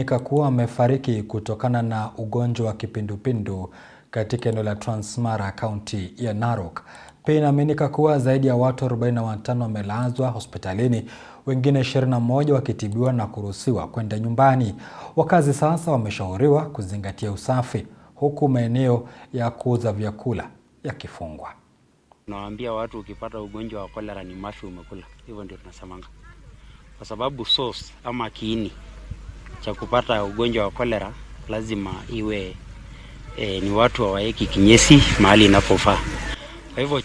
nika kuwa amefariki kutokana na ugonjwa wa kipindupindu katika eneo la Transmara kaunti ya Narok. Pia inaaminika kuwa zaidi ya watu 45 wamelazwa hospitalini, wengine 21 wakitibiwa na kuruhusiwa kwenda nyumbani. Wakazi sasa wameshauriwa kuzingatia usafi, huku maeneo ya kuuza vyakula yakifungwa. Tunawaambia watu ukipata ugonjwa wa kolera ni mafi umekula, hivyo ndio tunasemanga, kwa sababu source ama kiini cha kupata ugonjwa wa kolera lazima iwe e, ni watu hawaeki kinyesi mahali inapofaa. Kwa hivyo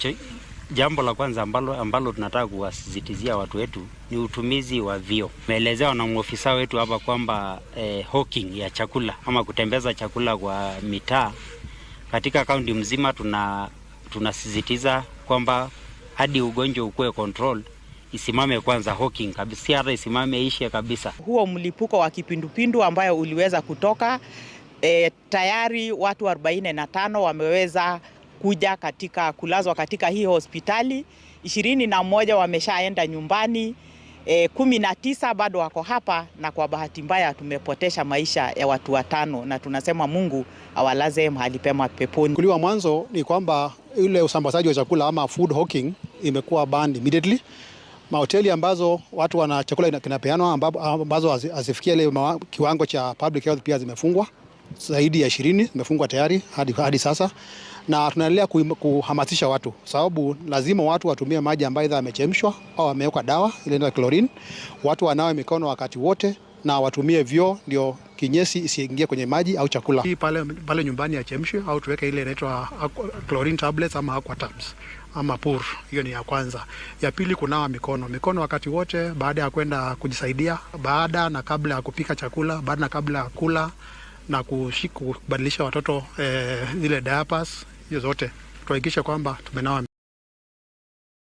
jambo la kwanza ambalo, ambalo tunataka kuwasisitizia watu wetu ni utumizi wa vio. Umeelezewa na mwofisa wetu hapa kwamba e, hawking ya chakula ama kutembeza chakula kwa mitaa katika kaunti mzima, tuna tunasisitiza kwamba hadi ugonjwa ukuwe control isimame kwanza Hawking kabisa, si isimame ishe kabisa. Huo mlipuko wa kipindupindu ambayo uliweza kutoka e, tayari watu 45 wameweza kuja katika kulazwa katika hii hospitali, ishirini na moja wameshaenda nyumbani, e, kumi na tisa bado wako hapa, na kwa bahati mbaya tumepotesha maisha ya watu watano, na tunasema Mungu awalaze mahali pema peponi. Kuliwa mwanzo ni kwamba ile usambazaji wa chakula ama food hawking imekuwa banned immediately mahoteli ambazo watu wana chakula kinapeanwa ambazo hazifikia ile kiwango cha public health pia zimefungwa zaidi ya ishirini zimefungwa tayari hadi, hadi sasa, na tunaendelea kuhamasisha watu, sababu lazima watu watumie maji ambayo idha amechemshwa au amewekwa dawa ile inaitwa chlorine. Watu wanawe mikono wakati wote na watumie vyoo ndio kinyesi isiingie kwenye maji au chakula. Hii pale, pale nyumbani achemshwe au tuweke ile inaitwa chlorine tablets ama aqua tabs ama pur. Hiyo ni ya kwanza. Ya pili, kunawa mikono. Mikono wakati wote, baada ya kwenda kujisaidia, baada na kabla ya kupika chakula, baada na kabla ya kula na kubadilisha watoto eh, zile eh, diapers. Hiyo zote tuhakikishe kwamba tumenawa